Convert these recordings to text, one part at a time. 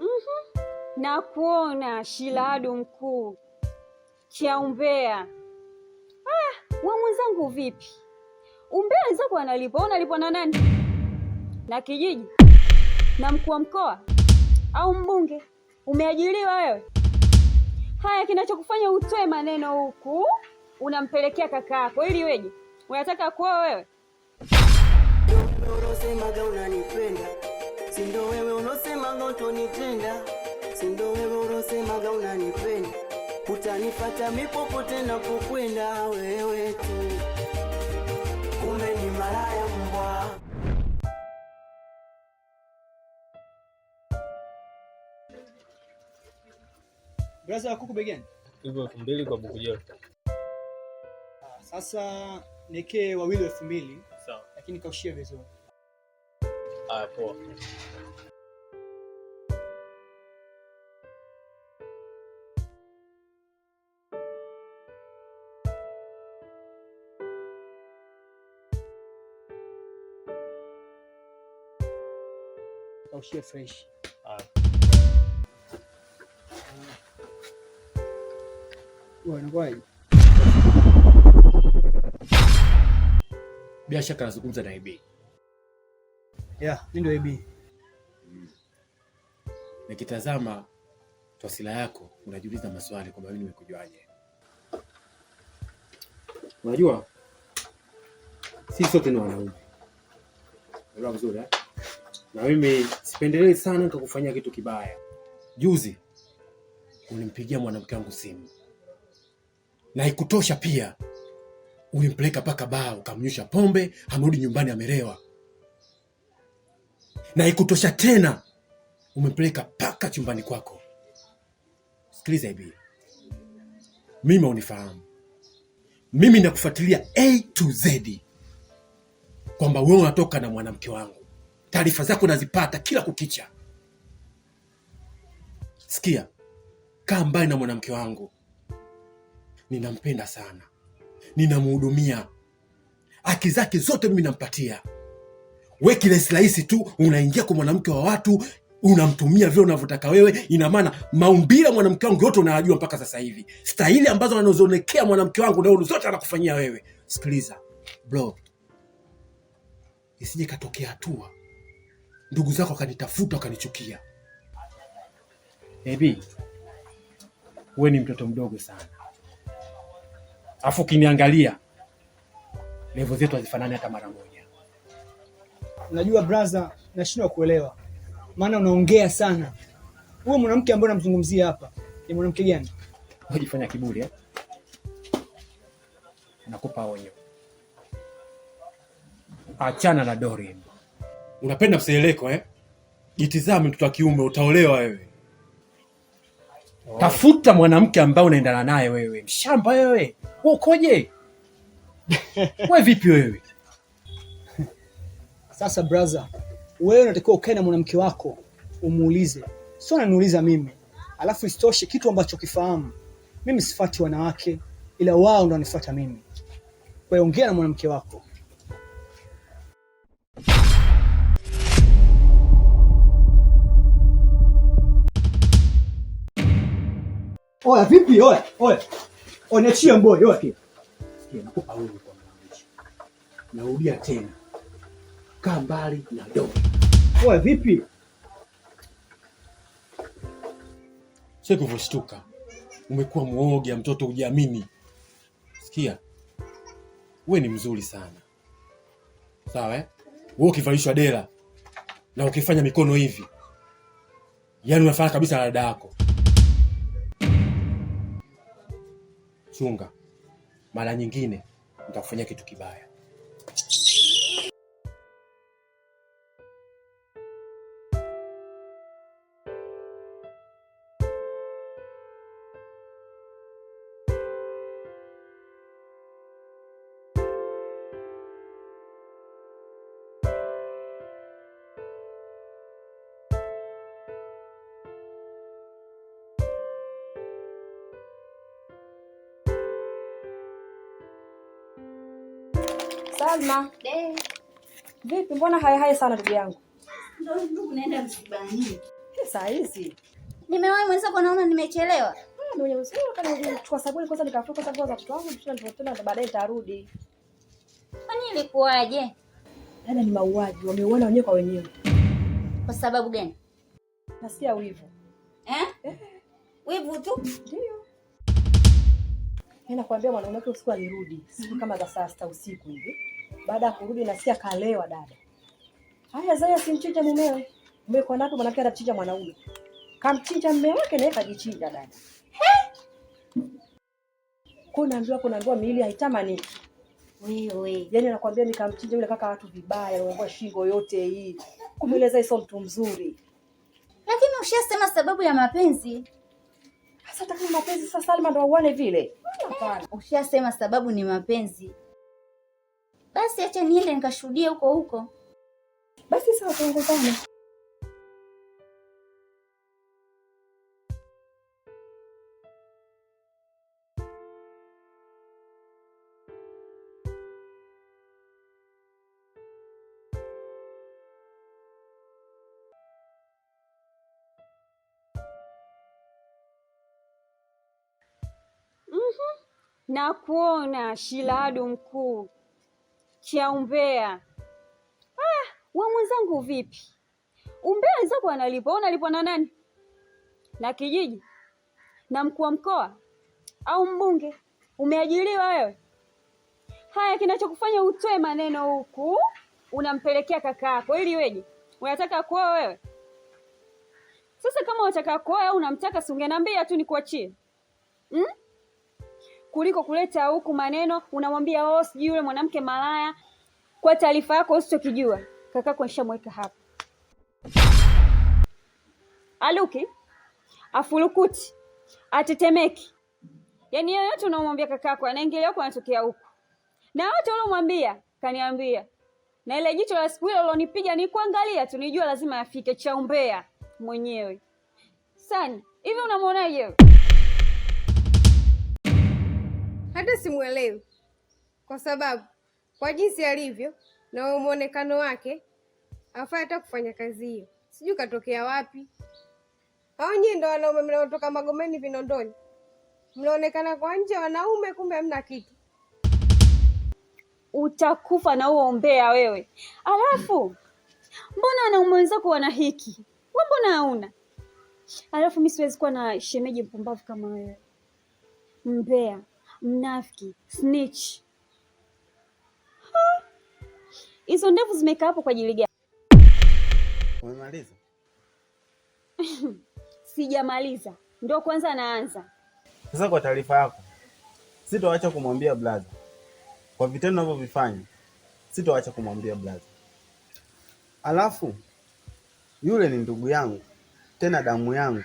mm -hmm. na kuona shiladu mkuu cha umbea. Ah, wa mwenzangu vipi? Umbea wenzako analipa, unalipa na nani? Na kijiji na mkuu wa mkoa au mbunge? Umeajiriwa wewe? Haya, kinachokufanya utoe maneno huku unampelekea kaka yako ili weje? Unataka kuoa wewe? Sema unanipenda si ndio wewe? kama utonitenda, si wewe urosemaga unanipenda, utanipata mipopote na kukwenda wewe tu, kumbe ni malaya mbwa. Braza ya kuku begani hivyo elfu mbili kwa buku jote. Sasa niwekee wawili elfu mbili, sawa, lakini kaushia vizuri. Aya, poa. nikaushie fresh. Bila shaka nazungumza na Ibi. Yeah, mimi ndio Ibi. Mm. Nikitazama twasila yako unajiuliza maswali kwamba mimi nimekujuaje? Unajua si sote ni wanaume. Ndio mzuri eh? na mimi sipendelei sana nikakufanyia kitu kibaya. Juzi ulimpigia mwanamke wangu simu na ikutosha pia, ulimpeleka mpaka baa ukamnyusha pombe, amerudi nyumbani amelewa. Na ikutosha tena, umempeleka mpaka chumbani kwako. Sikiliza hivi, mimi unifahamu, mimi nakufuatilia A to Z kwamba wewe unatoka na mwanamke wangu taarifa zako nazipata kila kukicha. Sikia, kaa mbali na mwanamke wangu, ninampenda sana, ninamhudumia, haki zake zote mimi nampatia. We rahisi tu unaingia kwa mwanamke wa watu unamtumia vile unavyotaka wewe. Ina maana maumbile mwanamke wangu yote unayajua mpaka sasa hivi, stahili ambazo anazionekea mwanamke wangu na zote anakufanyia wewe. Sikiliza bro, isije katokea hatua ndugu zako wakanitafuta wakanichukia. Ebi, wewe ni mtoto mdogo sana, alafu ukiniangalia levo zetu hazifanani hata mara moja. Unajua brother, nashindwa kuelewa, maana unaongea sana. Huyo mwanamke ambaye namzungumzia hapa ni mwanamke gani? Unajifanya kiburi eh? Nakupa onyo, achana na Dorin. Unapenda mseleleko eh? Jitizame mtoto wa kiume, utaolewa wewe. Oh. Tafuta mwanamke ambaye unaendana naye wewe. Mshamba wewe, ukoje? wewe vipi wewe? Sasa brother, wewe unatakiwa ukae na mwanamke wako umuulize, sio unaniuliza mimi. Alafu isitoshe kitu ambacho kifahamu, mimi sifati wanawake, ila wao ndo wanifuata mimi. Kwa hiyo ongea na mwanamke wako. Oya vipi? Oya, oya. Oya niachie oya kia. Kia nakupa wewe kwa mwanangu. Narudia tena. Kaa mbali na dogo. Oya vipi? Sio kuvushtuka. Umekuwa ya mtoto ujiamini Sikia. Wewe ni mzuri sana. Sawa eh? Wewe ukivalishwa dela na ukifanya mikono hivi. yani unafanya kabisa na dada yako. chunga, mara nyingine nitakufanyia kitu kibaya. Salma. De. Vipi mbona hai hai sana ndugu yangu? Ndio ndugu naenda msibani. Saa hizi. Nimewahi kwa naona nimechelewa. Mwenye ah, usiku kama nilichukua sabuni kwanza nikafua kwanza nguo za watoto wangu tena na baadaye nitarudi. Kwani ilikuwaje? Dada yaani ni mauaji, wameuona wenyewe kwa wenyewe. Kwa sababu gani? Nasikia wivu. Eh? eh. Wivu tu? Ndio. Nenda kuambia mwanaume wake usiku alirudi siku kama za saa sita usiku hivi. Baada ya kurudi, nasikia kalewa dada. Haya, Zaya simchinja mumewe. Mume kwa nako mwanamke anachinja mwanaume. Kamchinja mume wake naye kajichinja dada. Kuna ndio kuna ndio miili haitamani. Wewe. Yaani nakwambia nikamchinja yule kaka watu vibaya, anaongoa shingo yote hii. Kumweleza hiyo mtu mzuri. Lakini ushasema sababu ya mapenzi. Sasa taka mapenzi sasa Salma ndo auone vile. Hapana, ushasema sababu ni mapenzi. Basi acha niende nikashuhudia huko huko. Basi sawa, tuongozane. na kuona shiladu mkuu cha umbea. Ah, wa mwenzangu vipi? Umbea wenzako wanalipwa au na nani? Na kijiji na mkuu wa mkoa au mbunge? Umeajiriwa wewe? Haya, kinachokufanya utoe maneno huku unampelekea kaka yako ili weje? Unataka kuoa wewe? Sasa kama unataka kuoa au unamtaka, si ungeniambia tu nikuachie, hmm? kuliko kuleta huku maneno, unamwambia oh, sijui yule mwanamke malaya. Kwa taarifa yako usichokijua kakako nishamweka hapa. Aluki afurukuti atetemeki, yaani yoyote unamwambia kakako anaingilia huko, anatokea huko, na wote uliomwambia kaniambia, na ile jicho la siku ile ulonipiga kuangalia tu, nijua lazima afike chaumbea mwenyewe. Sani, hivi unamwona yeye? hata simwelewi, kwa sababu kwa jinsi alivyo na mwonekano wake afaa hata kufanya kazi hiyo. Sijui katokea wapi. Hao nyie ndo wanaume mnaotoka Magomeni Vinondoni, mnaonekana kwa nje wanaume, kumbe hamna kitu. Utakufa na huo umbea wewe. Alafu mbona wanaume wenzako wana hiki, wewe mbona hauna? Alafu mi siwezi kuwa na shemeji mpumbavu kama wewe, mbea mnafiki, snitch. Hizo ndevu zimekaa hapo kwa ajili gani? Umemaliza? Sijamaliza, ndio kwanza naanza. Sasa kwa taarifa yako, sitoacha kumwambia blaza kwa vitendo navyovifanya, sitoacha kumwambia blaza. Alafu yule ni ndugu yangu, tena damu yangu,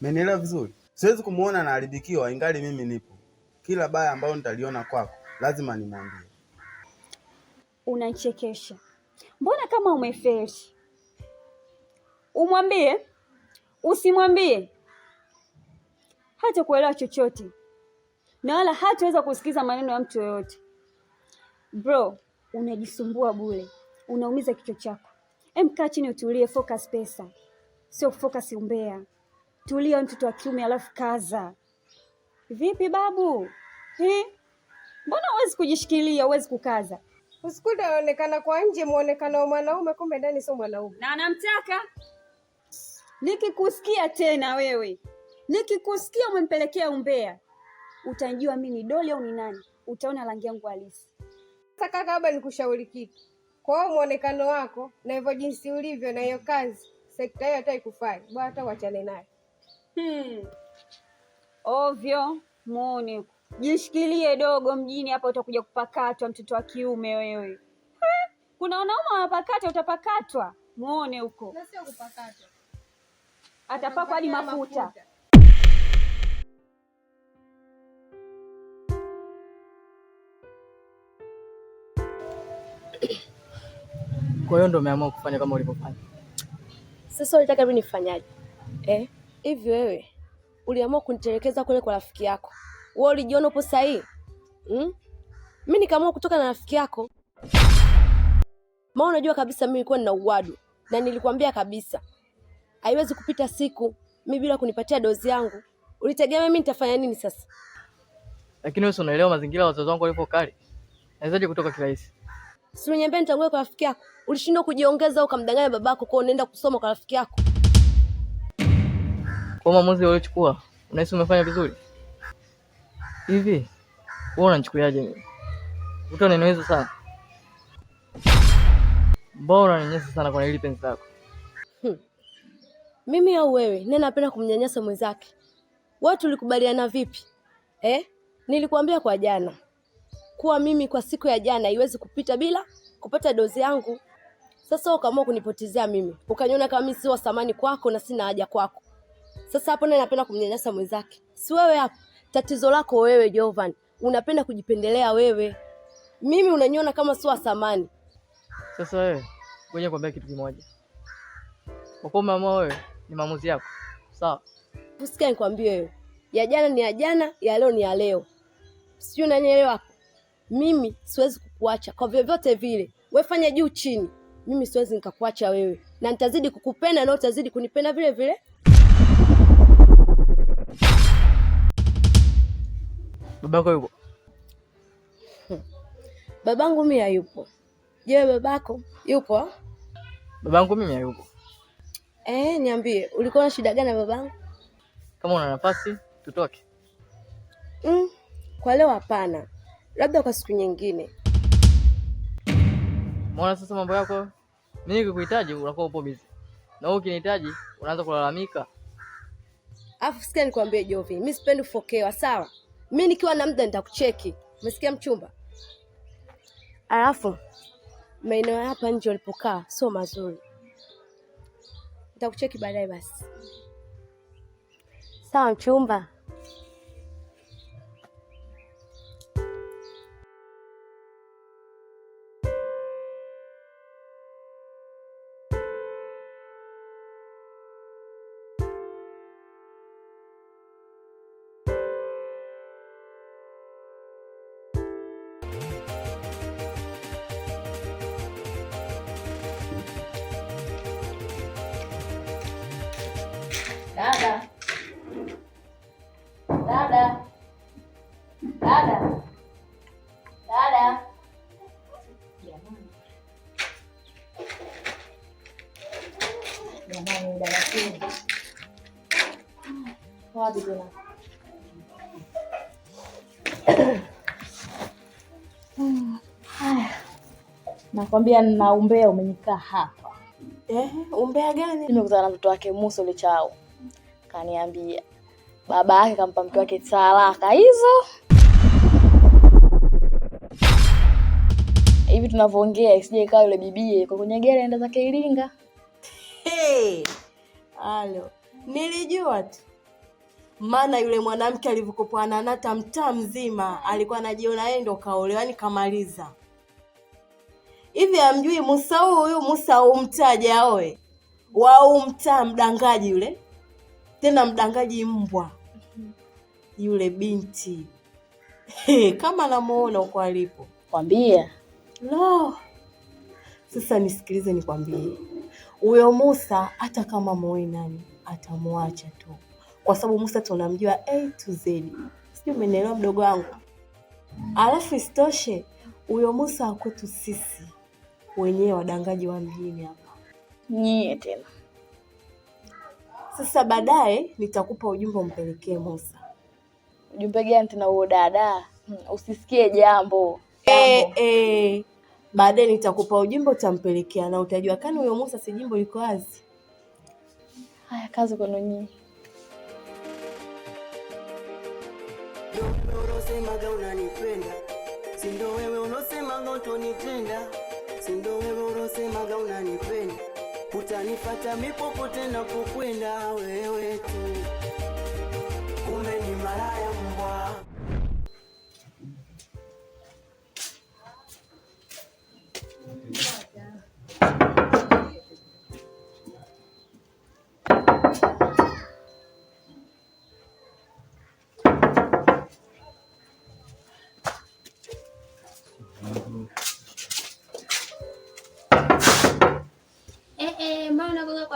menielewa vizuri. Siwezi kumwona anaharibikiwa ingali mimi nipo. Kila baya ambayo nitaliona kwako lazima nimwambie. Unachekesha, mbona kama umefeli? Umwambie usimwambie, hata kuelewa chochote na wala hataweza kusikiza maneno ya mtu yoyote. Bro, unajisumbua bure, unaumiza kichwa chako. Em, kaa chini utulie, focus pesa, sio focus umbea. Tulia mtoto wa kiume, alafu kaza. Vipi babu? Hmm? Mbona huwezi kujishikilia, huwezi kukaza? Usikute anaonekana kwa nje mwonekano wa mwanaume, kumbe ndani sio mwanaume. Na anamtaka. Nikikusikia tena wewe, nikikusikia umempelekea umbea, utajua mimi ni doli au ni nani? Utaona rangi yangu halisi. Sasa kaka, labda nikushauri kitu. Kwa hiyo muonekano wako na hivyo jinsi ulivyo na hiyo kazi, sekta hiyo hata ikufai. Bwana hata uachane naye. Hmm. Ovyo muone Jishikilie dogo, mjini hapa utakuja kupakatwa mtoto wa kiume wewe. Kuna wanaume wanapakatwa utapakatwa muone huko. atapakwa hadi mafuta, Kwa hiyo ndo umeamua kufanya kama ulivyofanya. Sasa unataka mimi nifanyaje? Eh, hivi wewe uliamua kunitelekeza kule kwa rafiki yako wewe ulijiona upo sahihi mm? Mimi nikaamua kutoka na rafiki yako, maana unajua kabisa mimi nilikuwa nina uwadu na nilikwambia kabisa haiwezi kupita siku mi bila kunipatia dozi yangu. Ulitegemea mimi nitafanya nini sasa? Lakini wewe unaelewa mazingira ya wazazi wangu walipo kali, nawezaje kutoka kirahisi? Si unyambia nitangulia kwa rafiki yako? Ulishindwa kujiongeza ukamdanganya babako kwa unaenda kusoma kwa rafiki yako. Kwa maamuzi uliochukua unahisi umefanya vizuri? Hivi wewe mimi? Utaneno hizo sana, mbona unaninyanyasa sana kwa ile penzi lako? Hmm. Mimi au wewe nani anapenda kumnyanyasa mwenzake? Wewe tulikubaliana vipi eh? Nilikuambia kwa jana kuwa mimi kwa siku ya jana iwezi kupita bila kupata dozi yangu. Sasa ukaamua kunipotezea mimi, ukaniona kama mimi si wa thamani kwako na sina haja kwako. Sasa hapo nani anapenda kumnyanyasa mwenzake? Si wewe hapo? Tatizo lako wewe Jovan, unapenda kujipendelea wewe, mimi unaniona kama sio samani. Sasa wewe ngoja kuambia kitu kimoja, kwa mama wewe, ni maamuzi yako sawa. Usikae nikwambie wewe, ya jana ni ya jana, ya leo ni ya leo, sijui unanielewa. Mimi siwezi kukuacha kwa vyovyote vile, wewe fanya juu chini, mimi siwezi nikakuacha wewe, na nitazidi kukupenda na utazidi kunipenda vile vile. Babako yupo? Hmm. Babangu mimi hayupo. Je, babako yupo? Babangu mimi hayupo. Eh, niambie, ulikuwa na shida gani na babangu? Kama una nafasi tutoke. Mm, kwa leo hapana, labda kwa siku nyingine. mwana sasa mambo yako, mimi nikikuhitaji unakuwa upo bizi, na wewe ukinihitaji unaanza kulalamika. Afu sikia nikwambie Jovi, mimi sipendi kufokewa, sawa? mi nikiwa na muda nitakucheki, umesikia mchumba? Alafu maeneo ya hapa nje ulipokaa sio mazuri, nitakucheki baadaye. Basi sawa mchumba. Jamani, darakini wapi tena? Hmm. Nakwambia na umbea umenikaa hapa eh. Umbea gani? Nimekutana na mtoto wake Musa Lichao, kaniambia baba yake kampa mke wake talaka hizo hivi tunavyoongea, isije ikawa yule bibie kwa kwenye gere enda zake Iringa. Halo. nilijua tu, maana yule mwanamke alivyokopoa nanata mtaa mzima alikuwa anajiona yeye ndo kaolewa, yani kamaliza hivi. amjui Musa huyu Musa humtaja aoe wau mtaa, mdangaji yule, tena mdangaji mbwa yule binti kama namuona huko alipo kwambia. Lo, sasa nisikilize nikwambie huyo Musa hata kama muoe nani atamwacha tu, kwa sababu Musa tunamjua A to Z. Sijui umenielewa mdogo wangu. Alafu isitoshe huyo Musa akwetu sisi wenyewe wadangaji wa mjini hapa nyie tena. Sasa baadaye nitakupa ujumbe umpelekee Musa. Ujumbe gani tena huo dada? Hmm, usisikie jambo, jambo. E, baadaye nitakupa ujumbe utampelekea na utajua kani huyo Musa si jimbo liko wazi. Haya, kazi kwenu nyinyi. Unosemaga unanipenda si ndo wewe, unosemaga utonitenda si ndo wewe, unosemaga unanipenda utanifata mipopote napokwenda wewe tu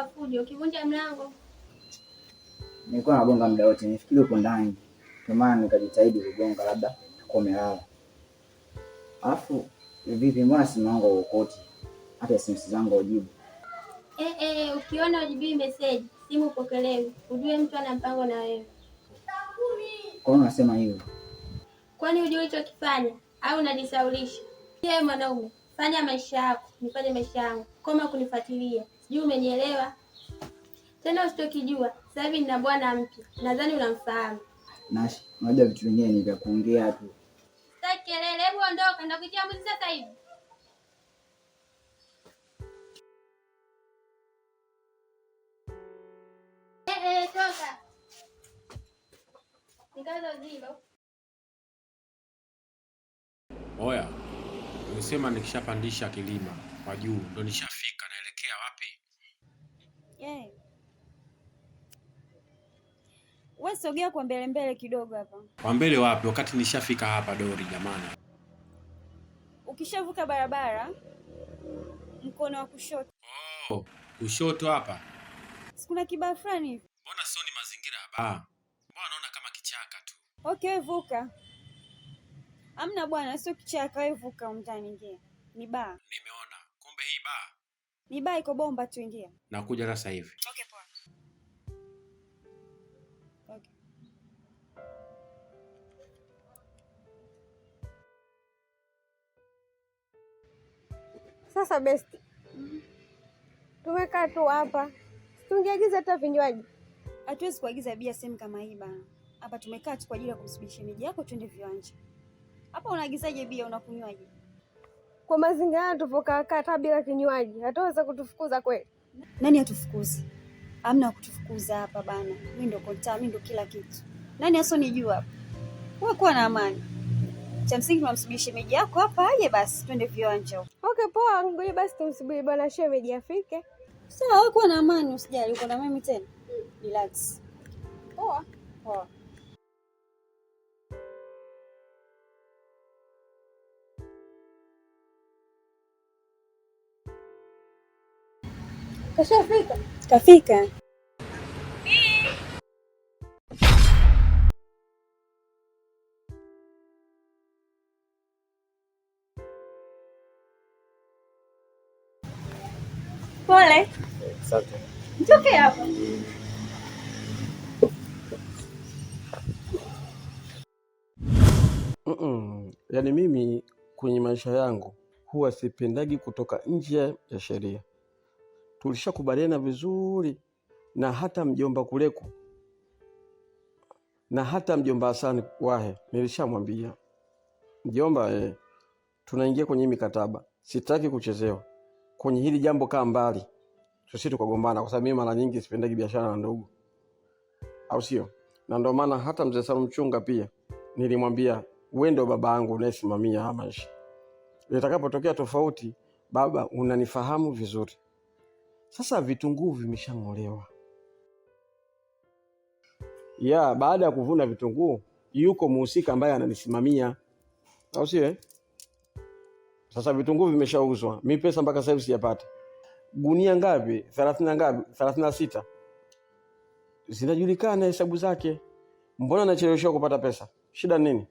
wa fujo, ukivunja mlango. Nilikuwa nagonga muda wote, nifikiri uko ndani, ndio maana nikajitahidi kugonga, labda uko umelala. Alafu vipi, mbona simu yangu ukoti hata simu zangu ujibu? Eh, eh, eh, ukiona ujibu message simu upokelewe, ujue mtu ana mpango na wewe. Kwa nini unasema hivyo? Kwani ujue ulichokifanya au unajisaulisha? Yeye mwanaume, fanya maisha yako, nifanye maisha yangu, koma kunifuatilia. Sijui umenielewa? Tena usitokijua sasa hivi nina bwana mpya, nadhani unamfahamu. Nash, unajua vitu vingine ni vya kuongea tu. Sitaki kelele, hebu ondoka, ndakuitia mbuzi sasa hivi. Eh, eh toka. Nikaza Oya, nimesema nikishapandisha kilima kwa juu ndo nishafika. Naelekea wapi? Yeah. Wewe sogea kwa mbele mbele kidogo hapa. Kwa mbele wapi? Wakati nishafika hapa Dori jamani. Ukishavuka barabara mkono wa kushoto. Oh, kushoto hapa. kuna kibaa fulani hivi. Mbona sio ni mazingira ya baa? Ah. Mbona naona kama kichaka tu. Okay, vuka. Amna bwana, sio kichaka, wewe vuka, mtaningia. Ni baa. Nimeona. Bombe hii baa. Ni baa iko bomba tu, ingia. Nakuja sasa hivi. Okay, poa. Okay. Sasa besti, Tumekaa tu hapa, tungeagiza hata vinywaji. Hatuwezi kuagiza bia sehemu kama hii bana. Hapa tumekaa tu kwa ajili ya kumsubisha miji yako, twende viwanja. Hapa unaagizaje bia, unakunywaje? kwa mazingira tuvokaaka hata bila kinywaji hataweza kutufukuza kweli. Nani atufukuzi? Amna kutufukuza hapa bana. mi ndo konta, mi ndo kila kitu. Nani asonijua hapa? Wewe kuwa na amani. Cha msingi tunamsubiri shemeji yako hapa aje, basi twende viwanja. Okay, poa, ngoja basi tumsubiri bwana shemeji afike. Sawa, wewe kuwa na amani, usijali, uko na mimi tena. Relax. Poa. Poa. Kashafika. Kafika. Pole. Asante. Mtoke hapo. Mm-mm. Yaani mimi kwenye maisha yangu huwa sipendagi kutoka nje ya sheria tulishakubaliana vizuri na hata mjomba kuleko na hata mjomba Hasani Wahe nilishamwambia mjomba, eh, tunaingia kwenye mikataba, sitaki kuchezewa kwenye hili jambo, kaa mbali, sisi tukagombana, kwa sababu mimi mara nyingi sipendagi biashara na ndugu, au sio? Na ndio maana hata mzee Salum Chunga pia nilimwambia, we ndio baba yangu unayesimamia maisha, itakapotokea tofauti, baba, unanifahamu vizuri sasa vitunguu vimeshang'olewa ya baada ya kuvuna vitunguu, yuko muhusika ambaye ananisimamia, au sio eh? Sasa vitunguu vimeshauzwa, mi pesa mpaka sasa hivi sijapata. Gunia ngapi? thelathini na ngapi? thelathini na sita, zinajulikana hesabu zake. Mbona nacheleweshiwa kupata pesa? Shida nini?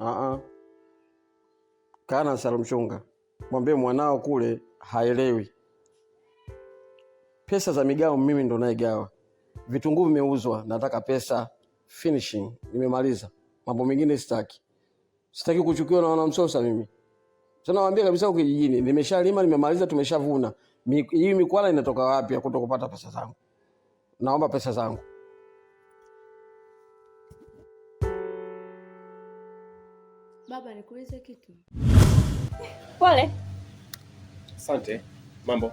Aa, ah, ah. kaa na Salamchunga mwambie mwanao kule haelewi. Pesa za migao mimi ndo naigawa. Vitunguu vimeuzwa, nataka pesa finishing, nimemaliza. Mambo mengine sitaki, sitaki kuchukiwa na wanamsosa mimi. Tunawaambia kabisa huko kijijini, nimeshalima, nimemaliza, tumeshavuna. Hii mikwala inatoka wapi? akuto kupata pesa zangu, naomba pesa zangu. Baba, nikuulize kitu. Pole. Asante. Mambo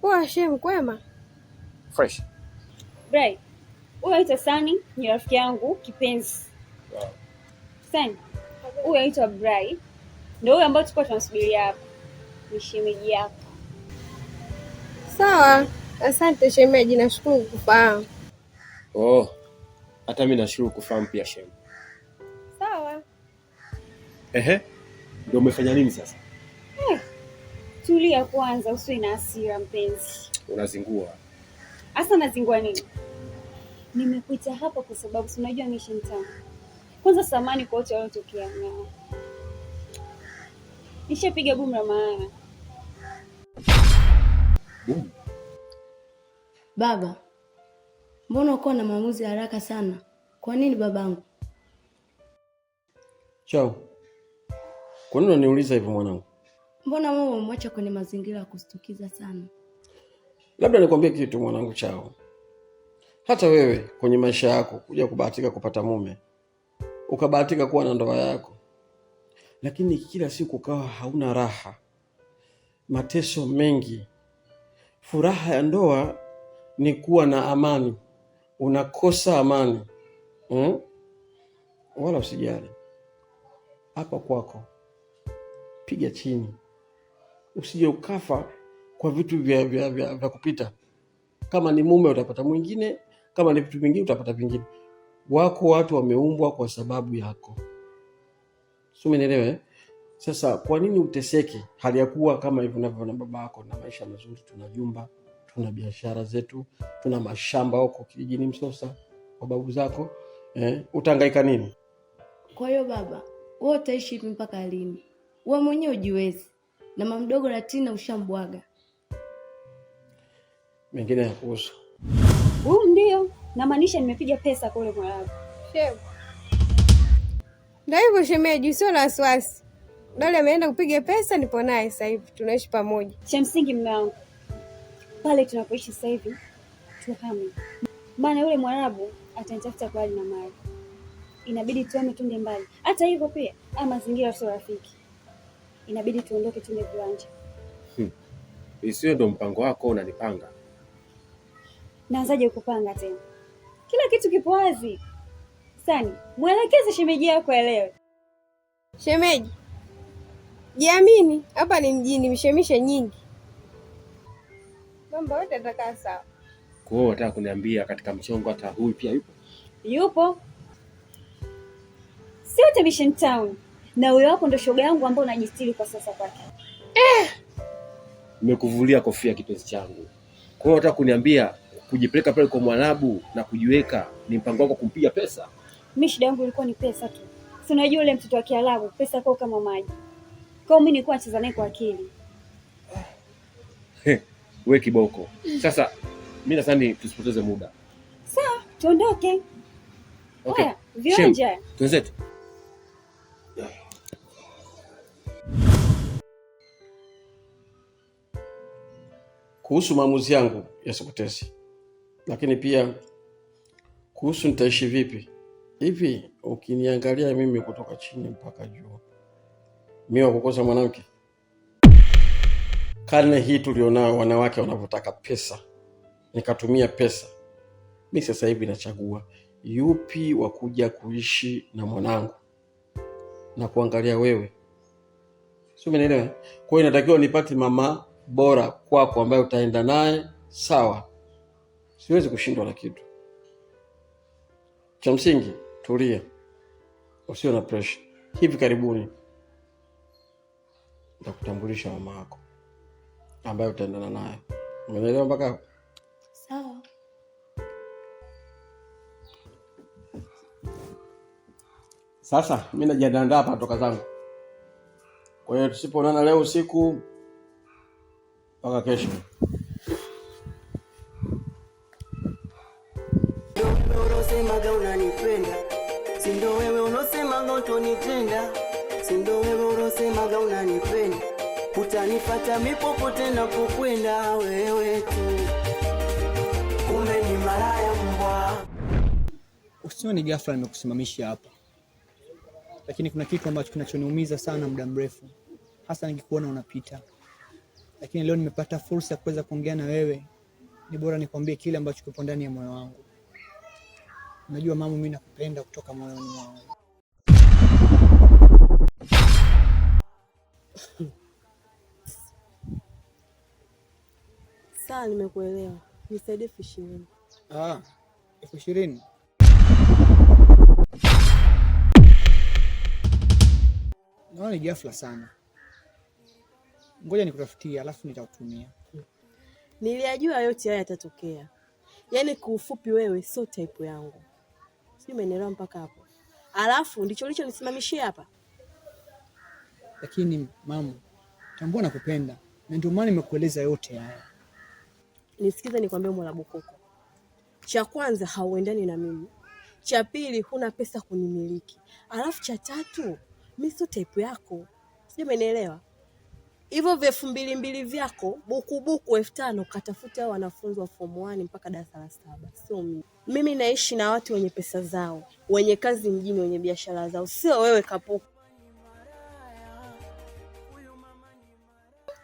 poa? Shem, kwema? Fresh. Bray. huyo aitwa Sani, ni rafiki yangu kipenzi. Wow. Sani, huyo aitwa Bray. ndio huyo ambayo tulikuwa tunamsubiria hapa, ni shemeji yako. Sawa, asante shemeji, nashukuru kufahamu. Oh, hata mimi nashukuru kufahamu pia shem. Sawa. Ehe. Ndio umefanya nini sasa? Eh, tulia kwanza, usiwe na hasira mpenzi. Unazingua. Hasa nazingua nini? Nimekuita hapa kwa sababu si unajua mission town. Kwanza samani kwa wote waliotokea na Nishapiga bomu la maana. Bomu. Baba, mbona uko na maamuzi haraka sana? Kwa nini babangu? Chao. Kwa nini unaniuliza hivyo mwanangu? Mbona wewe umemwacha kwenye mazingira ya kustukiza sana? Labda nikwambie kitu mwanangu chao, hata wewe kwenye maisha yako kuja kubahatika kupata mume ukabahatika kuwa na ndoa yako, lakini kila siku ukawa hauna raha, mateso mengi. Furaha ya ndoa ni kuwa na amani, unakosa amani hmm? Wala usijali hapa kwako piga chini, usije ukafa kwa vitu vya, vya, vya, vya kupita. Kama ni mume utapata mwingine, kama ni vitu vingine utapata vingine. Wako watu wameumbwa kwa sababu yako, si umenielewa? Eh? Sasa kwa nini uteseke hali ya kuwa kama hivyo na baba yako na maisha mazuri? Tuna jumba, tuna biashara zetu, tuna mashamba huko kijijini Msosa kwa babu zako eh, utahangaika nini? Kwa hiyo baba, wewe utaishi mpaka lini? wa mwenyewe ujiwezi, na mama mdogo ushambwaga. Mengine kuhusu huu? Uh, ndio namaanisha nimepiga pesa kule Mwarabu. Ndio hivyo shemeji, usio na wasiwasi. Dole ameenda kupiga pesa, nipo naye sasa hivi, tunaishi pamoja. Cha msingi mume wangu, pale tunapoishi sasa hivi tuhame, maana yule Mwarabu atanitafuta kwa hali na mali, inabidi tuame, tunde mbali. Hata hivyo pia, haya mazingira sio rafiki inabidi tuondoke tuende viwanja. Hmm. Isiyo ndo mpango wako unanipanga? Naanzaje kupanga tena? Kila kitu kipo wazi. Sani, mwelekeze shemeji yako elewe. Shemeji, jiamini, hapa ni mjini, mishemishe nyingi, mambo yote yatakaa sawa. Kwa hiyo unataka kuniambia katika mchongo hata huyu pia yupo? Yupo, sio Tabishan Town na huyo wako ndo shoga yangu ambao unajistiri kwa sasa kwake. Eh, nimekuvulia kofia kipenzi changu. Kwa hiyo unataka kuniambia kujipeleka pale kwa Mwarabu na kujiweka ni mpango wako kumpiga pesa? Mimi shida yangu ilikuwa ni pesa tu, si unajua yule mtoto wa Kiarabu pesa kwao kama maji. Kwa mimi nilikuwa nacheza naye kwa akili. We kiboko. Sasa mimi nadhani tusipoteze muda. Sawa, tuondoke. Okay. Haya, vionja. kuhusu maamuzi yangu ya Sokotesi, lakini pia kuhusu nitaishi vipi. Hivi ukiniangalia mimi kutoka chini mpaka juu, mi wakukosa mwanamke? Karne hii tulionao, wanawake wanavyotaka pesa, nikatumia pesa. Mi sasa hivi nachagua yupi wa kuja kuishi na mwanangu na kuangalia wewe, sio? Umenielewa? Kwa hiyo inatakiwa nipate mama bora kwako ambaye utaenda naye sawa. Siwezi kushindwa na kitu cha msingi. Tulia, usio na presha. Hivi karibuni takutambulisha mama yako ambaye utaendana naye. Umenielewa mpaka Sawa. Sasa mi najiandaa hapa, toka zangu. Kwa hiyo tusipoonana leo usiku mpaka kesho. Unosemaga unanipenda sindo wewe, unosemaga utonitenda sindo wewe, unosemaga unanipenda utanipata mipopote na kukwenda wewe tu, kumbe ni malaya mbwa. Usioni ghafla nimekusimamisha hapa, lakini kuna kitu ambacho kinachoniumiza sana muda mrefu, hasa nikikuona unapita lakini leo nimepata fursa ya kuweza kuongea na wewe, ni bora nikwambie kile ambacho kipo ndani ya moyo wangu. Unajua mama, mimi nakupenda kutoka moyoni mwangu. Sawa, nimekuelewa. Nisaidie elfu ishirini. Ah, elfu ishirini naona ni ghafla sana Ngoja nikutafutie alafu nitakutumia. Niliyajua yote haya yatatokea. Yaani kwa ufupi, wewe sio type yangu, sijui umeelewa mpaka hapo? Alafu ndicho licho hapa. Lakini mamu, tambua nakupenda na ndio maana nimekueleza yote haya. Nisikize nikwambie, mola cha kwanza hauendani na mimi, cha pili huna pesa kunimiliki, alafu cha tatu mimi sio type yako, sijui umeelewa? hivyo vya mbili mbili vyako bukubuku elfu tano katafuta wanafunzi wa form 1 mpaka darasa la saba, sio mimi. Mimi naishi na watu wenye pesa zao, wenye kazi mjini, wenye biashara zao, sio wewe kapuku.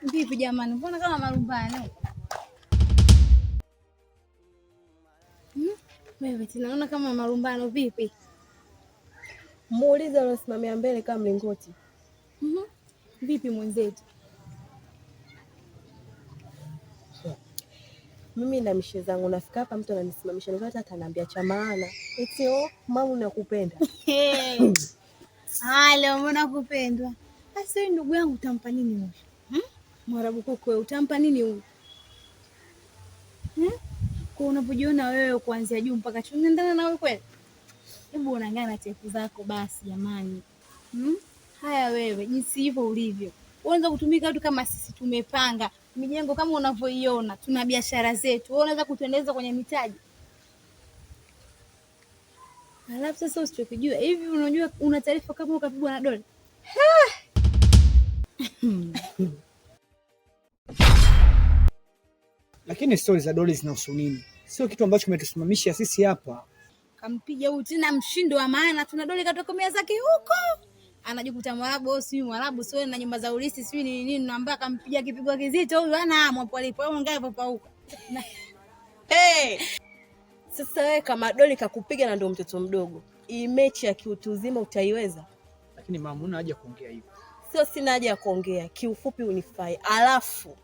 Vipi jamani, mbona kama marumbane? Hmm? Wewe tunaona kama marumbano vipi? Muulize alosimamia mbele kama mlingoti. mm -hmm. Vipi mwenzetu mimi na mishe zangu nafika hapa, mtu ananisimamisha nikata, hata ananiambia cha maana eti oh, mama nakupenda. Halo, mbona kupendwa? Basi ndugu yangu utampa nini huyu? Hmm? Mwarabu koko utampa nini huyu? Hmm? Kwa unapojiona wewe kuanzia juu mpaka chini unaendana na wewe kweli? Hebu unaangaa na tepu zako basi jamani. Hmm? Haya wewe, jinsi hivyo ulivyo. Uanza kutumika watu kama sisi tumepanga mijengo kama unavyoiona, tuna biashara zetu. Wewe unaweza kutuendeleza kwenye mitaji. Alafu sasa usichokijua hivi, unajua una taarifa kama ukapigwa na dola lakini stori za dola zinahusu nini? Sio kitu ambacho kimetusimamisha sisi hapa. Kampiga huyu tena mshindo wa maana, tuna dola katokomea zake huko anajikuta Mwarabu, sijui Mwarabu sio na nyumba za ulisi ni nini na naambia akampiga kipigo kizito huyu ana amwa palipo au ngae popauka. Hey, sasa wewe kama doli kakupiga na ndio mtoto mdogo, hii mechi ya kiutu uzima utaiweza? Lakini mama, una haja kuongea hivyo? Sio, sina haja ya kuongea. Kiufupi unifai, alafu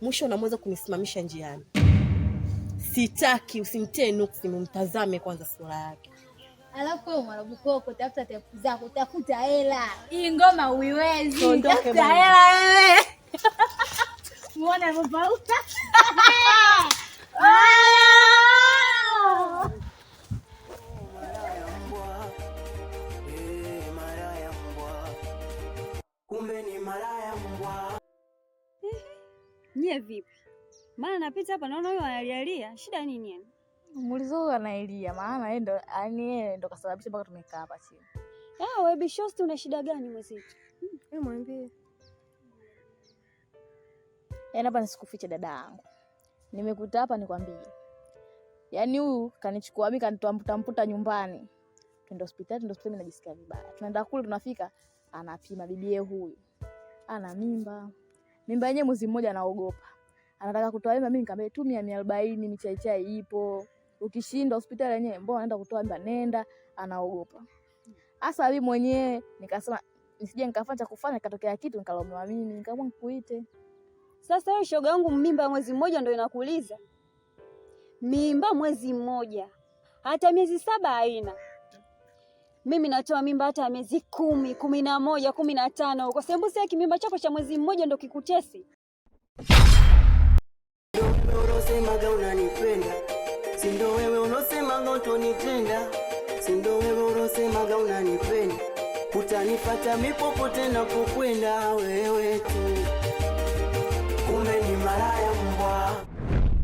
mwisho unamweza kunisimamisha njiani. Sitaki, usimtie nuksi, kwanza sura yake. Alafu wewe mwana tafuta tepu zako, tafuta hela. Hii ngoma uiwezi, tafuta hela wewe. Muone mbauta Kumbe ni malaya mbwa. vipi? Maana napita hapa naona huyo analialia, shida nini yani? muulizo anailia, maana yeye ndo yani, yeye ndo kasababisha mpaka tumekaa hapa chini. Ah, wewe Bishosti, una shida gani mwenzetu? Hmm, hebu mwambie. Yaani hapa nisikufiche dada yangu, nimekuta hapa nikwambie, yaani huyu kanichukua mimi kanitwamputamputa nyumbani, tuende hospitali, tuende hospitali, najisikia vibaya. Tunaenda kule, tunafika anapima bibie huyu ana mimba, mimba yenyewe mwezi mmoja, anaogopa anataka kutoa mimba. Mimi nikamwambia tu mia mia arobaini, michaichai ipo ukishinda hospitali yenyewe, mbona anaenda kutoa mimba? Nenda, anaogopa hasa. Mimi mwenyewe nikasema nisije nikafanya cha kufanya, katokea kitu nikalaumiwa mimi, nikaamua nikuite. Sasa hiyo shoga yangu, mimba ya mwezi mmoja ndio inakuuliza mimba mwezi mmoja, hata miezi saba haina. Mimi natoa mimba hata ya miezi kumi, kumi na moja, kumi na tano, kwa sababu si kimimba chako cha mwezi mmoja ndo kikutesi. Sindo wewe unosemaga utonipenda, sindo wewe unosemaga unanipenda, utanipata mipopote napokwenda, wewe tu